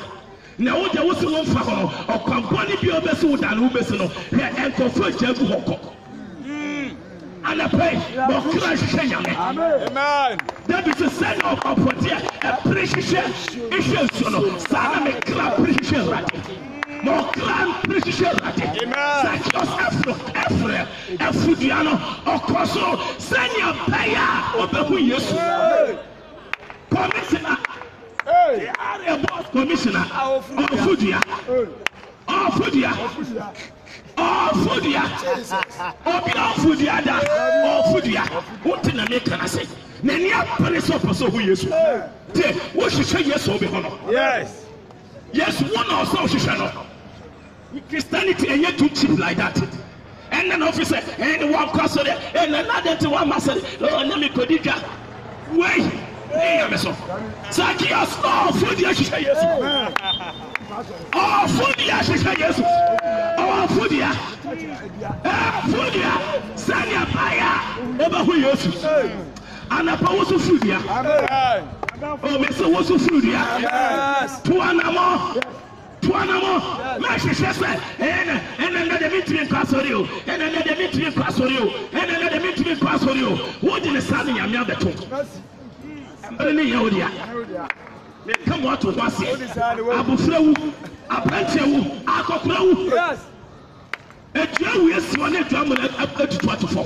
na wo deɛ wosi wɔn fa hɔ no ɔkwanbɔni bi a ɔbɛsi wo dan no wobɛsi no hɛ ɛnkɔfɔ jɛ gu hɔ kɔ anapɛ ɔkra hwɛ nyame dabi sɛ sɛne ɔpɔdeɛ ɛpere hyehyɛ ɛhwɛ nsuo no saa na mekra pere hyehyɛ awurade ɔkran pirihyehyɛ awurade sakios ɛforo ɛfrɛ ɛfudua no ɔkɔ soro sɛnea bɛyɛ a ɔbɛhu yesu kɔmishina the area board commissioner ɔfudua ɔfudua ɔfudua obi ɔfudua da ɔfudua wote na mi kana se n'ani apere sɛ ɔpɛ sɛ ɔhu yesu te wohyehyɛ yesu ɔbi hɔ no yesu wɔn na ɔsɛ ɔhyehyɛ no christianity ɛyɛ too cheap like that ɛnna na ɔfi sɛ ɛnna wɔn akɔ so dɛ ɛnna n'adɛ ti wɔn ama sɛ ɔnna mi kò di dwa wei ɛyɛ mi so sakios ɔfo di ahyehyɛ yesu ɔfo di ahyehyɛ yesu ɔfo di a ɛfo di a sani abaya ɛbɛho yesu anapa woso furu di a ɔmɛ sɛ woso furu di a tuwanamɔ tuanamo mɛhyehyɛ sɛ ɛnɛ ɛnɛ nɛ de mitumi nkɔ asɔre o ɛnɛ nɛ de mitumi nkɔ asɔre o ɛnɛ nɛ de mitumi nkɔ asɔre o wogye ne saa ne nyame abɛto ɛmɛrɛ ne yɛ wodea meka mo ato ho aseɛ abofra wu aberanteɛ wu akɔkora wu adua wu asi hɔ ne adua mmɔno atutu ato fam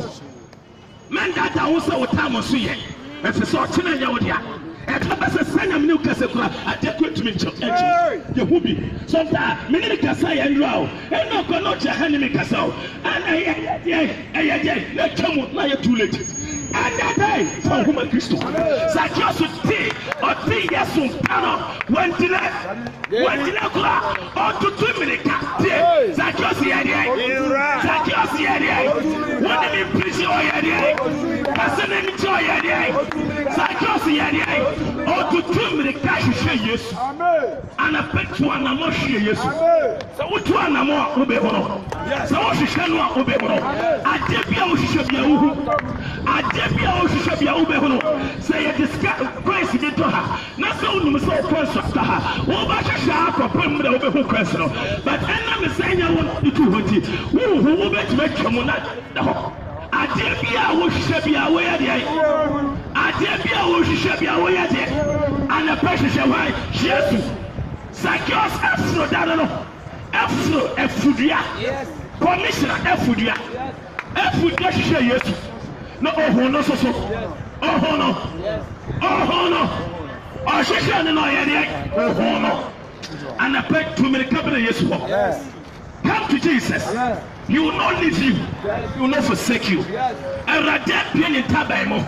mɛndaadaa wo sɛ wo taa mo so yɛ ɛsɛ sɛ ɔkyena nyɛ wodea ɛka bɛ sɛ saa nyame ne wokasɛ kora adeɛ kɔ atumi nkyɛ yɛho bi sɔmta mene ne kasa yɛ nnura o ɛnɔkɔ na ɔkyɛ ha ne me kasa o ana yɛyɛ deɛ ɛyɛ deɛ na mu na yɛ ɛnɛ dɛ fɔ nhoma kristo sakio so ti ɔti yɛ so mpano wɛntilɛ wɛntilɛ kura ɔtutu mirika tie sakio si yɛ deɛ sakio si yɛ deɛ wɔn ni mi pirisi ɔyɛ deɛ kasi ni mi ti ɔyɛ deɛ sakio si yɛ deɛ ɔtutu mirika hyehyɛ yesu anapɛtu anamɔ hyehyɛ yesu sɛ wotu anamɔ a wo bɛ bɔrɔ sɛ wohyehyɛ no a wo bɛ bɔrɔ adeɛ bi a wohyehyɛ bi a wohu adeɛ adeɛ bi a wɔhyehyɛ bia wobɛhunu sɛ yɛde sika grace bi dɔ ha na sɛ wonim sɛ wo kɔnso ata ha wɔba hyehyɛ akɔpem mmerɛ wobɛhu kɔnso no but ɛna me sɛ nyɛ wo de tu hɔ nti wohu wobɛtumi atwa mu na da hɔ adeɛ bi a wɔhyehyɛ bi a wɔyɛ deɛ adeɛ bi a wɔhyehyɛ bi a wɔyɛ deɛ anapɛ hyehyɛ hɔ a yesu sakios ɛforo da no no ɛfudua kɔmishina ɛfudua ɛfudua hyehyɛ yesu na ɔho no soso ɔho no ɔho no ɔhyehyɛ ne na ɔyɛ deɛ ɔho no anapɛ tumirika bere yesu hɔ come to jesus he will not leave you he will not forsake you awurade pie ni ntaban mu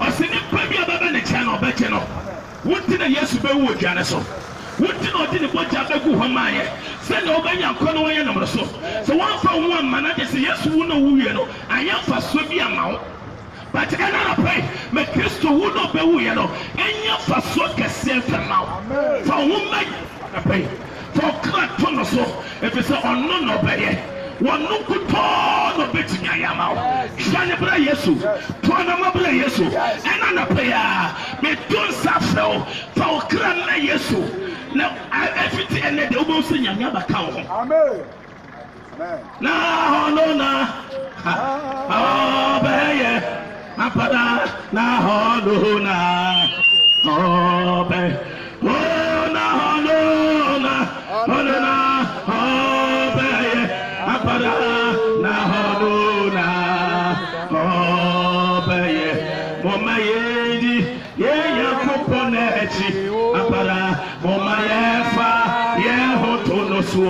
ɔsi nipa bi a bɛbɛ na ɔbɛkyɛ no wonti na yesu bɛwu wɔ dwane so wonti na ɔde ne bɔgya bɛgu hɔ maa yɛ sɛdeɛ wobɛnya nkɔ no wɔyɛ nomoro so sɛ wɔmfa wo ho amma no agye sɛ yesu wo na wowie no anyɛ mfasoɔ bi ama wo but ɛna apɛ mɛ kristo wu na ɔbɛ wu yɛ no ɛnyɛ faso kɛseɛ fɛ ma wo fa wo mɛ ɛbɛ fa ɔkra tɔ no so efi sɛ ɔno na ɔbɛyɛ wɔno kutɔɔ na ɔbɛtumi ayɛ ama wo hwɛ ne berɛ yesu toa nama berɛ yesu ɛna anapɛ yɛ a meto nsa frɛ wo fa wo kra na yesu na ɛfiti ɛnɛ deɛ wobɛhu sɛ nyame abɛka wo ho na ɔno na ɔbɛyɛ apada na họnụ na o na họnụ na họnụ na apada na họnụ na ọbe ye mọma ye di ye ya kụpọ n'echi apada mọma fa ye hụtụ n'osu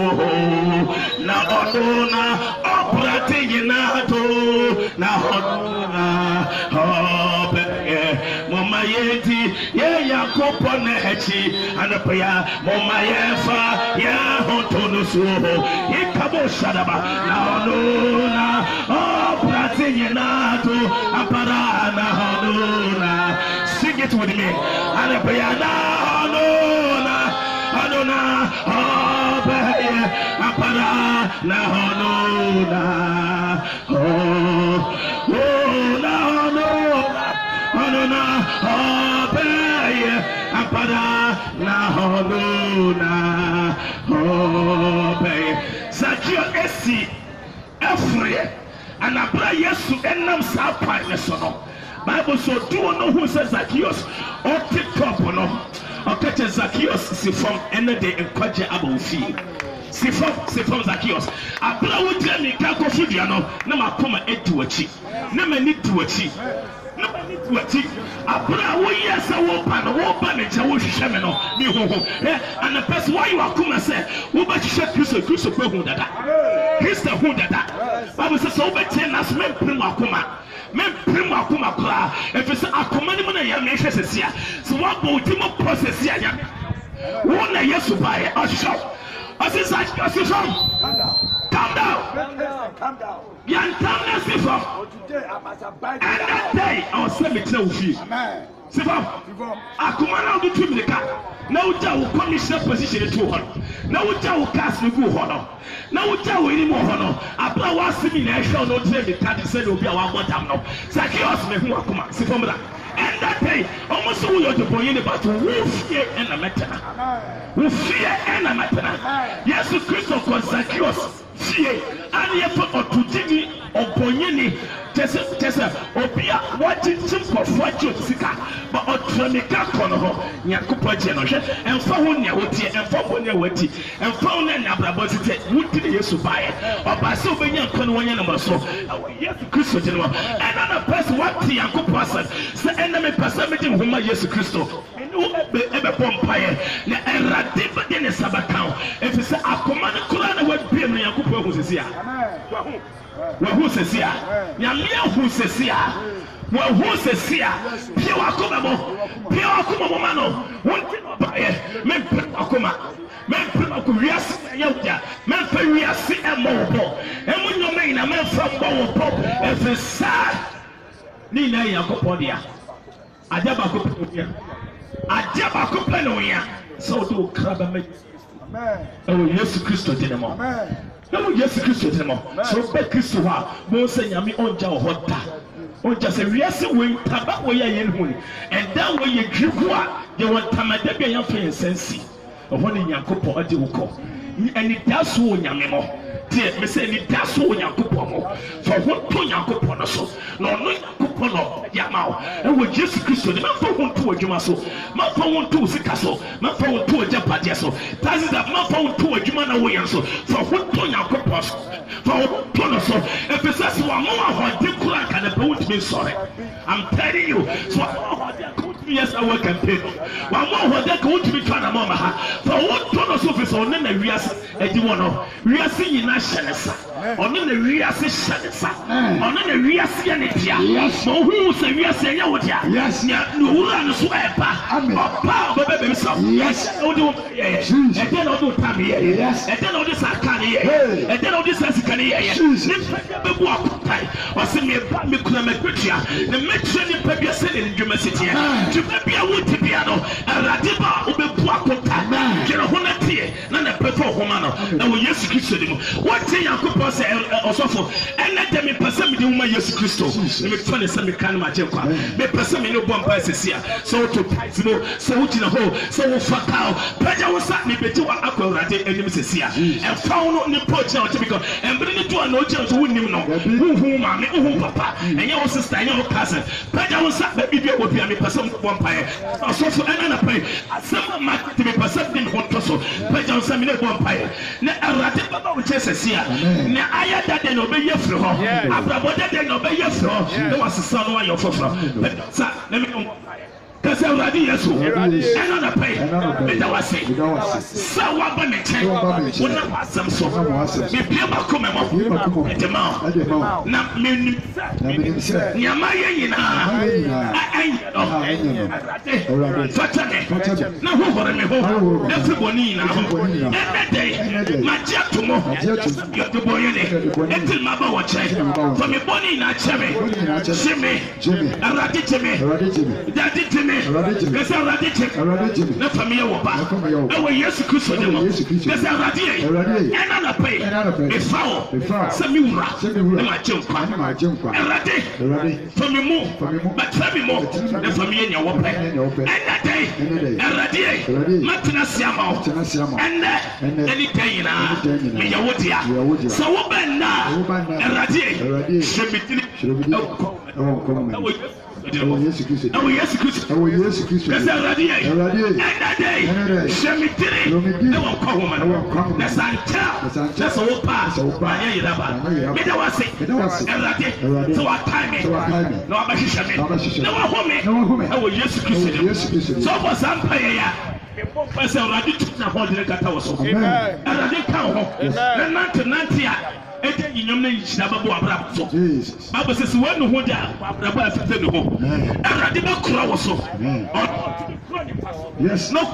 na ọdụ akyi anapa ya mɔma yɛfa yɛho no soɔ hɔ yɛkabɔ hyadaba na ɔno na ɔbrate nyinaa to apara na ɔno na sing it with me anapa na ɔno na ɔno na ɔbɛyɛ apara na ɔno na ɔno na ɔno na ɔno na ɔbɛyɛ apada na hɔno na hɔbɛn zakio esi ɛfuriɛ anabra yesu ɛnam saa pan ne so no bible so duo no ho sɛ zakios ɔte top no ɔka kyɛ zakios si fam ɛne de nkwagye aba si fam si fam zakios abra wo gyina ne nka kɔfo no na ma kɔma edi w'akyi na ma ni di w'akyi na m'ani tu akyi abere a woyɛ sɛ wɔba no wɔba ne nkyɛn wɔhwehwɛ me no ne hoho ɛ anapa sɛ wɔayɛ wakoma sɛ wobɛhyehyɛ kristo kristo bɛhu dada kristo hu dada bible sɛ sɛ wobɛkyɛ naso mempere wakoma mempere mu akoma koraa ɛfiri sɛ akoma no mu na yɛn mehwɛ sɛsi a sɛ wɔabɔ wo ti mu pɔ sɛsi a yɛn wo na yɛ subaeɛ ɔhyehyɛ ɔsesa ɔsesa calm down. Calm down. Yan calmness before. Oh, today I And that day I will send me to you. Amen. Sifam, akuma na ɔde tu mirika na wogya wo commissioner position to tu hɔ no na wogya wo cars no gu hɔ no na wogya wo anim wɔ hɔ no abla woase mi na ɛhwɛ no wogyina mirika de sɛdeɛ obi a wammɔ dam no sakeos mehu akoma sifam da ɛnda tɛi ɔmo so woyɛ ɔdebɔyi ne bato wo fie ɛna mɛtena wo fie Yes, mɛtena yesu kristo kɔ Zacchaeus fie a ne yɛpɛ ɔtogyini ɔbɔnyini kyɛ sɛ obi a wagyekye nkɔfoɔ agye sika ma ɔtena ne ka kɔ no hɔ nyankopɔn agye no hwɛ ɛmfa ho nea wotie ɛmfa ho nea wati ɛmfa ho nea abrabɔ si sɛ wodi ne yesu baeɛ ɔbaa sɛ wobɛnya nkwa no wɔnyɛ nomɔ so ɛwɔ yesu kristo gye no hɔ ɛna na pɛ sɛ woate nyankopɔn asɛm sɛ ɛna mepɛ sɛ mede nhoma yesu kristo ɛbɛbɔ mpaeɛ na ɛwurade bɛde ne sa bɛka wo akoma no koraa na wabiem wahu sisi a wahu sisi a nyame ahu sisi a wahu sisi a pie wakoma mo pie wakoma mo ma no wonti na ɔbaeɛ mempere wakoma mempere wakoma wiase na ɛyɛ wogya memfa wiase ɛmmɔ wo bɔ ɛmu nneɔma nyina memfa mmɔ wo bɔ ɛfiri saa ne nyinaa yɛ nyankopɔn dea adeɛ baako pɛ ne wonya adeɛ baako pɛ ne wonya sɛ wode wo kra bɛma ɛwɔ yesu kristo din mu ɛmu yesu kristu ti mu sɛ ɔbɛ kristu hɔ a mo sɛ nyame ɔngya wɔ hɔ da ɔngya sɛ wiase wei taba wei a yɛn hu ɛda wei yɛ dwiri ho a yɛwɔ ntamada bi a yɛafa yɛn nsa nsi ɛhɔ ne nyankopɔn ade wo kɔ ɛnida so wɔ nyame mɔ deɛ mesɛ ɛnida so wɔ nyankopɔn mɔ fa ho to nyankopɔn no so na ɔno nyankopɔn no yama wo ɛwɔ yesu kristo ne mamfa ho nto adwuma so mamfa ho nto sika so mamfa ho nto agyapadeɛ so tasisa mamfa ho nto adwuma na woyɛ so fa ho to nyankopɔn so fa ho to no so ɛfiri sɛ sɛ wɔama wɔ ahoɔden koraa nka ne pɛ wontumi nsɔre am telling you so wɔama wɔ ahoɔden years awa campaign wɔn mo wɔ dɛ ka wɔn tumi to anamɔ ma ha fa wɔn tɔ no so fi sɛ wɔn ne na wiase adi wɔn no wiase nyinaa hyɛ ɔno na wiase hyɛ ne sa ɔno na wiase yɛ ne dea ma ohun sɛ wiase ɛnyɛ wo dea na owura no so ɛba ɔba ɔbɛbɛ bɛbi sa ɔde yɛyɛ ɛdɛ na ɔde wo tam yɛyɛ ɛdɛ na ɔde saa kaa ne yɛyɛ ɛdɛ na ɔde saa sika ne yɛyɛ ne mpɛgya bɛbu akotae ɔsɛ meba mekura mɛkwatua na mɛkyerɛ nipa bia sɛdeɛ ne dwuma si teɛ dwuma bia wote bia no awurade ba a wobɛbu akotae dwene ho no teɛ na na pɛ fɛ ɔhoma no na wɔ yesu kristo ni mu wote nyankopɔn ɔhɔ sɛ ɔsɔfo ɛnɛ dɛ mepɛ sɛ mede woma yesu kristo na mefa ne sɛ meka no magye kwa mepɛ sɛ mene bɔ mpa sɛsi a sɛ woto tit no sɛ wogyina hɔ sɛ wofa kao pɛgya wo sa mebɛgye wa akɔ awurade anim sɛsi a ɛfa wo no nipa ɔgyina wɔkyɛ bikɔ ɛmbere ne doa na ɔgyina so wonnim no wohu maame wohu mm. papa ɛnyɛ wo sister ɛnyɛ wo cousin pɛgya wo sa baabi bia wɔ bia mepɛ sɛ mobɔ mpaeɛ ɔsɔfo ɛna napae asɛm ma te mepɛ sɛ de ne ho ntɔ so pɛgya wo sa mene bɔ mpaeɛ na awurade bɛba wo kyɛ sɛsi nea ayɛ dɛdɛ na ɔbɛyɛ firi hɔ abrabɔ dɛdɛ na ɔbɛyɛ firi hɔ na wasesa no wayɛ fɔfɔrɔ sa ne mi kasi awurade yɛ so ɛna na pɛ meda wase sɛ woaba ne nkyɛn wona wɔ asɛm so mepie baako me mɔ mede ma wo na menim sɛ nneɛma yɛ nyinaa ɛnyɛ no awurade fata me na hohore me ho na fi bɔne nyinaa ho ɛnɛ dɛ magye ato mɔ yɛde bɔyɛ ne ɛnti maba wɔ kyerɛ fa me bɔne nyinaa kyɛ me gye me awurade gye me dade gye me jimi kese awurade jimi ne fami yɛ wɔ ba ɛwɔ yesu kristu de mu kese awurade yɛ ɛna na pe efa wɔ sɛmi wura ɛma gye nkwa awurade fami mu bɛtɛ mi mu ne fami yɛ nyɛ wɔ pɛ ɛna de awurade yɛ ma tena se ama wɔ ɛnɛ ɛni tɛ nyinaa mi yɛ wo dia sɛ wo bɛ ɛwɔ yesu kristu ɛwɔ yesu kristu ɛwɔ yesu kristu ɛsɛ awurade yɛ awurade yɛ ɛna de yi ɛna de yi hyɛmitiri ne wɔn kɔ wɔn na wɔn kɔ wɔn na san kyɛ na sɛ wo pa ma yɛ yɛrɛ ba mi da wa se awurade sɛ wa taa mi na wa ba hyehyɛ mi na wa hɔ mi ɛwɔ yesu kristu de sɛ ɔbɔ so awurade ka wɔ hɔ ne ɛgye yinyam na nhyira bɛbɔ abrabɔ so bible sɛ sɛ woanu ho de a abrabɔ afɛfɛ ne ho awurade bɛkora wɔ so na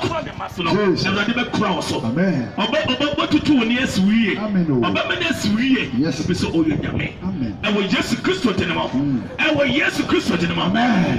kora ne ma so no awurade bɛkora wɔ ne asi wiye ɔbɛma ne asi wiye ɛfiri sɛ ɔyɛ nyame ɛwɔ yesu kristo de ne mɔ ɛwɔ yesu kristo de ne mɔ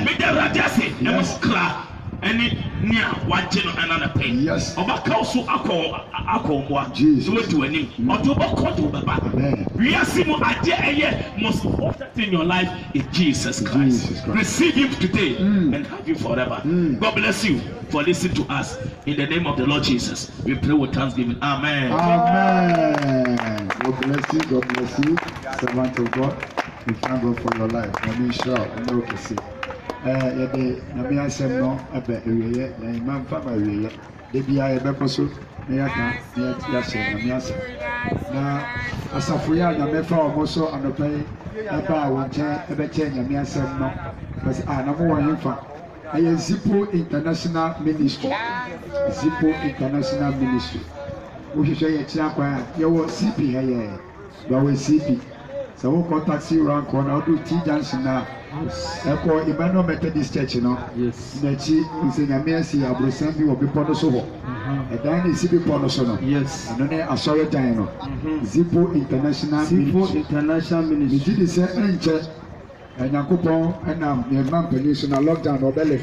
mede awurade ase ɛwɔ kra ɛne nea wagye no ɛna na pɛn ɔbɛka so akɔ akɔ mboa so wetu w'anim ɔde wobɛkɔ de wobɛba wiase mu adeɛ ɛyɛ most important in your life is jesus christ. receive him today mm. and have him forever mm. god bless you for listening to us in the name of the lord jesus we pray with thanksgiving amen amen god bless you god bless you servant of god we thank god for your life and we shall never forsake Eh, yɛde nyame asɛm no ɛbɛ awieɛ na yɛma mfa ma awieɛ da biara yɛbɛkɔ so na yɛaka na yɛahyɛ nyame asɛm na asafo yi a nyame fa wɔn so anɔpa yi ɛba a wɔn nkyɛn ɛbɛkyɛ nyame asɛm no pɛsɛ a na mo wɔn yɛn fa ɛyɛ zipo international ministry zipo international ministry wohwehwɛ yɛ kyerɛ akwan a yɛwɔ cp ɛyɛ bawɔ cp sɛ wokɔ taxi rank hɔ na wodo t junction na a ɛkɔ emmanuel methodist church no n'akyi nsɛnyame asi aburusan bi wɔ bepɔ no so hɔ mm-hmm. ɛdan na esi bepɔ no so no ɛno ne asɔredan no mm-hmm. zipo international ministry megye di sɛ ɛnkyɛ ɛnyankopɔn ɛnam nneɛma mpanyin so na lockdown ɔbɛlɛ.